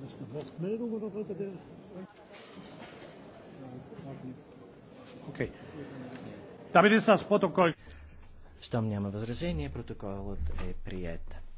War oder wollte der? Okay. Damit ist das Protokoll. Щом няма възражение, протоколът е прият.